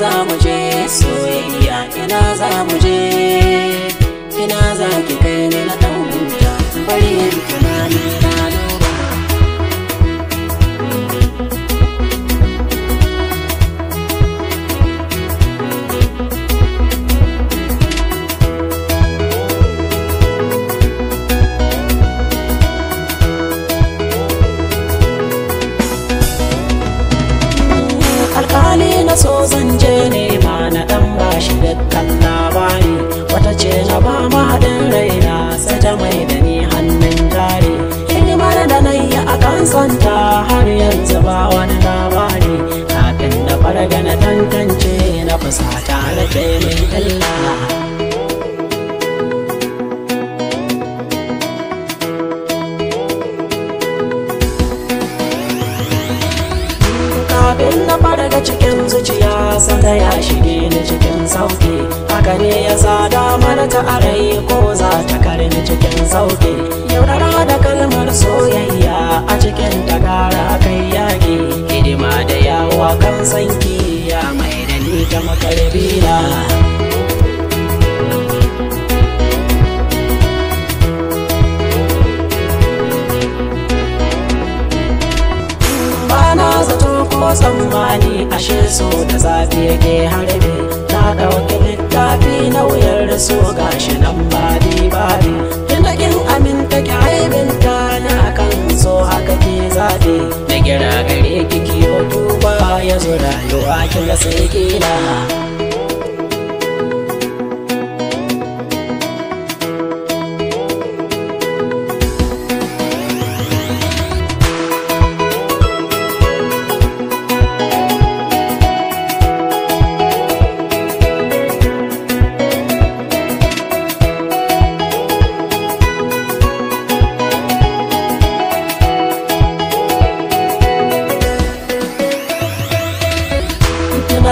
za mu je soyayya ina za mu je ina za ki kai ne na ɗan bari na so zan je na dan bashi dukkan labari wata ce na ba mahaɗin raina sai ta mai da ni hannun jari hidimar da na yi a kan santa har yanzu ba wani labari kafin na farga na tantance na fusata na ce cikin zuciya sata ya shige ni cikin sauki haka ne ya sada mana ta arai ko za ta karin cikin sauki yaurara da kalmar soyayya a cikin takara kai yaki hidima da yawa kan sanki ya mai da ni ta makarbina tsammani ashe so da zafi ke harbe ta ɗauki littafi na wuyar da so gashi nan ba bari ba kin aminta ki haibinta na kan so haka ke zaɓe da gira gare ki duba ya zo rayuwa kila sai kila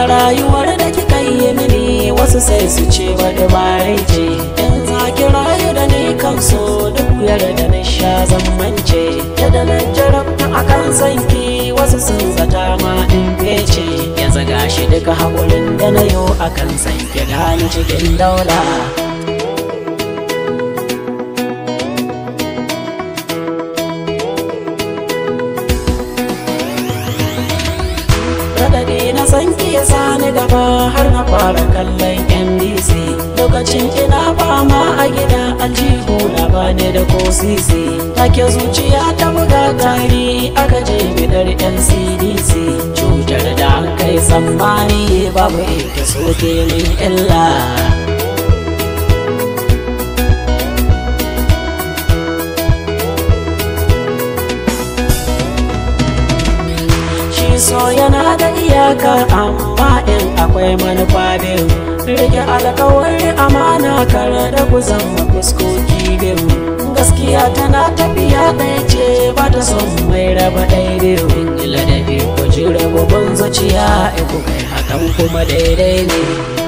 rayuwar da kika yi mini wasu sai su ce da bare ce in zaki rayu da ni kan duk yarda da na sha zammance da na jarabta akan sanki wasu sun zata ma in fece ya zaga shi duka haƙurin da na yau akan sanki gani cikin daula gaba har na fara kallon ndc lokacin ina fama a gida aljihu na bani da ko sisi take zuciya ta buga gari aka je bidar ncdc cutar da kai tsammani babu ita soke min illa so yana da iyaka amma kai manufa biyu rike alkawari amana kar da kusan fuskoki biyu gaskiya tana tafiya ɗaya ce ba ta son mai raba ɗaya biyu ingila da biyu ku jira raba zuciya iku kai hakan kuma daidai ne